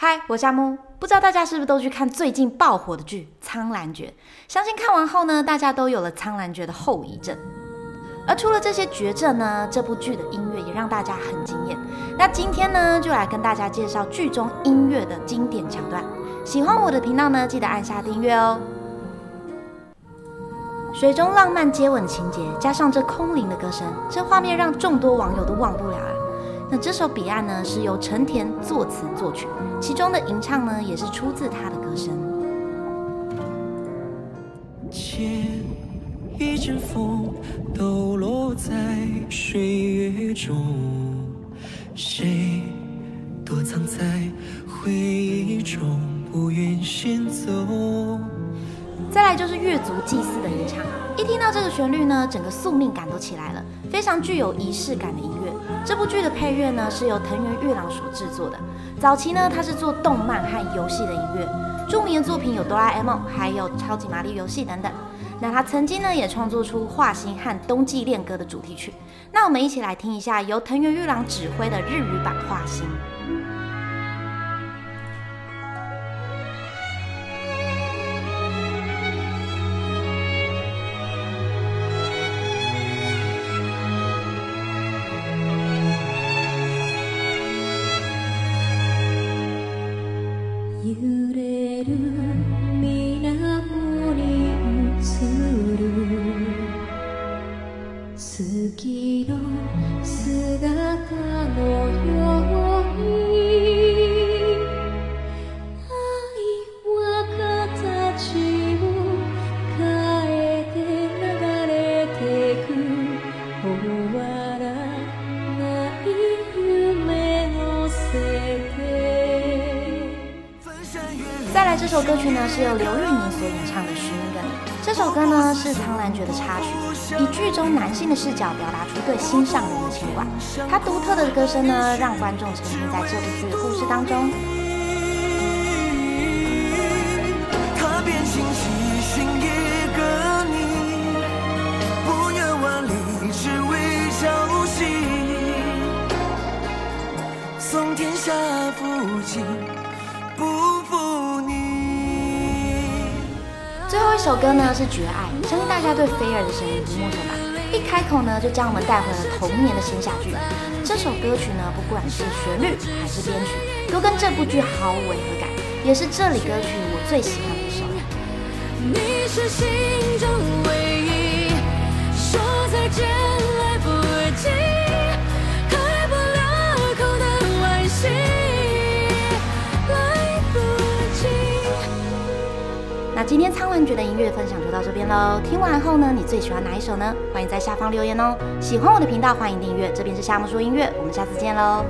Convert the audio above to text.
嗨，Hi, 我叫阿木，不知道大家是不是都去看最近爆火的劇《蒼蘭訣》？相信看完後呢，大家都有了《蒼蘭訣》的後遺症。而除了這些絕症呢，這部劇的音樂也讓大家很驚艷。那今天呢，就來跟大家介紹劇中音樂的經典橋段。喜歡我的頻道呢，記得按下訂閱哦。水中浪漫接吻的情節，加上這空靈的歌聲，這畫面讓眾多網友都忘不了啊。那這首《彼岸》呢，是由陳田作詞作曲，其中的吟唱呢，也是出自他的歌聲。借一陣風，抖落在水月中，誰躲藏在回憶中，不願先走。再來就是月族祭祀的吟唱，一聽到這個旋律呢，整個宿命感都起來了，非常具有儀式感的音樂。這部劇的配樂呢是由藤原育郎所制作的。早期呢，他是做動漫和遊戲的音樂，著名的作品有哆啦 A 夢，還有超級瑪麗遊戲等等。那他曾經呢也創作出《畫心》和《冬季戀歌》的主題曲。那我們一起來聽一下由藤原育郎指揮的日語版《畫心》。再來這首歌曲呢，是由劉宇寧所演唱的曲。這首歌呢是《蒼蘭訣》的插曲，以劇中男性的視角表達出對心上人的情感，他獨特的歌聲呢，讓觀眾沉浸在這部劇的故事當中。不。天下這首歌呢是《訣愛》，相信大家對飛兒的聲音不陌生吧？一開口呢，就將我們帶回了童年的仙俠劇。這首歌曲呢，不管是旋律還是編曲，都跟這部劇毫無違和感，也是這裡歌曲我最喜歡的一首歌。今天蒼蘭訣的音樂分享就到這邊嘍。聽完後呢，你最喜歡哪一首呢？歡迎在下方留言哦。喜歡我的頻道，歡迎訂閱。這邊是夏慕說音樂，我們下次見嘍。